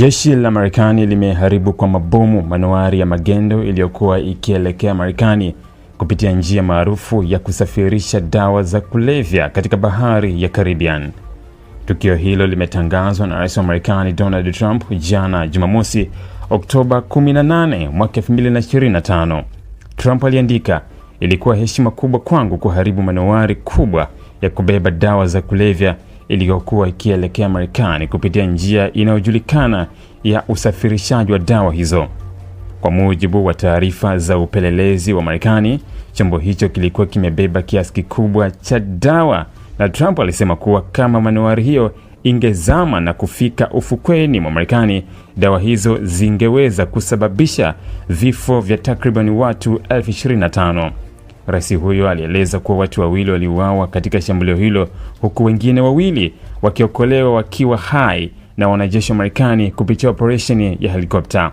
Jeshi la Marekani limeharibu kwa mabomu manowari ya magendo iliyokuwa ikielekea Marekani kupitia njia maarufu ya kusafirisha dawa za kulevya katika bahari ya Caribbean. Tukio hilo limetangazwa na Rais wa Marekani Donald Trump jana Jumamosi, Oktoba 18 mwaka 2025. Trump aliandika, ilikuwa heshima kubwa kwangu kuharibu manowari kubwa ya kubeba dawa za kulevya iliyokuwa ikielekea Marekani kupitia njia inayojulikana ya usafirishaji wa dawa hizo. Kwa mujibu wa taarifa za upelelezi wa Marekani, chombo hicho kilikuwa kimebeba kiasi kikubwa cha dawa, na Trump alisema kuwa kama manuari hiyo ingezama na kufika ufukweni mwa Marekani, dawa hizo zingeweza kusababisha vifo vya takribani watu elfu 25. Rais huyo alieleza kuwa watu wawili waliuawa katika shambulio hilo huku wengine wawili wakiokolewa wakiwa hai na wanajeshi wa Marekani kupitia operesheni ya helikopta.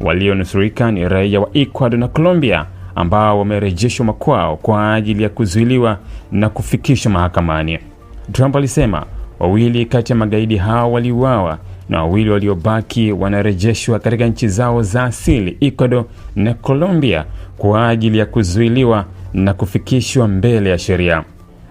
Walionusurika ni raia wa Ecuador na Colombia ambao wamerejeshwa makwao kwa ajili ya kuzuiliwa na kufikishwa mahakamani. Trump alisema wawili kati ya magaidi hao waliuawa na wawili waliobaki wanarejeshwa katika nchi zao za asili Ecuador na Colombia kwa ajili ya kuzuiliwa na kufikishwa mbele ya sheria.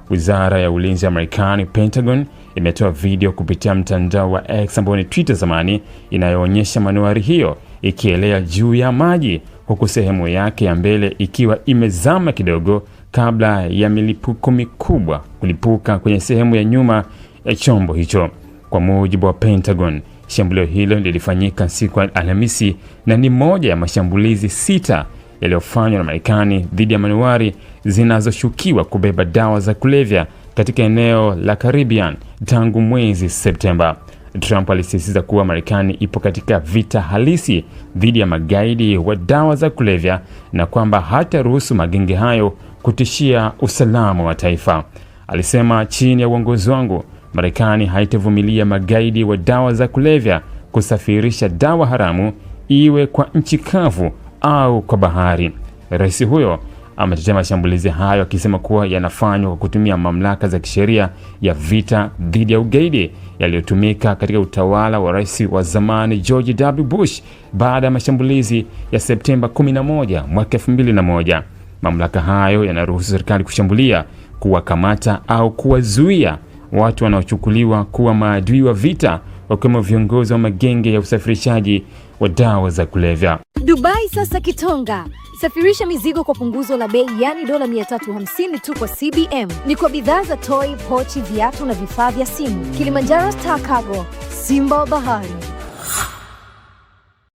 Wizara ya ulinzi ya Marekani, Pentagon, imetoa video kupitia mtandao wa X ambao ni Twitter zamani, inayoonyesha manuari hiyo ikielea juu ya maji, huku sehemu yake ya mbele ikiwa imezama kidogo kabla ya milipuko mikubwa kulipuka kwenye sehemu ya nyuma ya chombo hicho. Kwa mujibu wa Pentagon, shambulio hilo lilifanyika siku ya Alhamisi na ni moja ya mashambulizi sita yaliyofanywa na Marekani dhidi ya manuari zinazoshukiwa kubeba dawa za kulevya katika eneo la Caribbean tangu mwezi Septemba. Trump alisisitiza kuwa Marekani ipo katika vita halisi dhidi ya magaidi wa dawa za kulevya na kwamba hataruhusu magenge hayo kutishia usalama wa taifa. Alisema, chini ya uongozi wangu, Marekani haitavumilia magaidi wa dawa za kulevya kusafirisha dawa haramu, iwe kwa nchi kavu au kwa bahari. Rais huyo ametetea mashambulizi hayo akisema kuwa yanafanywa kwa kutumia mamlaka za kisheria ya vita dhidi ya ugaidi yaliyotumika katika utawala wa rais wa zamani George W. Bush baada ya mashambulizi ya Septemba 11 mwaka 2001. Mamlaka hayo yanaruhusu serikali kushambulia, kuwakamata au kuwazuia watu wanaochukuliwa kuwa maadui wa vita wakiwemo viongozi wa magenge ya usafirishaji wa dawa za kulevya. Dubai sasa Kitonga, safirisha mizigo kwa punguzo la bei, yani dola 350 tu kwa CBM. Ni kwa bidhaa za toy, pochi, viatu na vifaa vya simu. Kilimanjaro Star Cargo, simba wa bahari.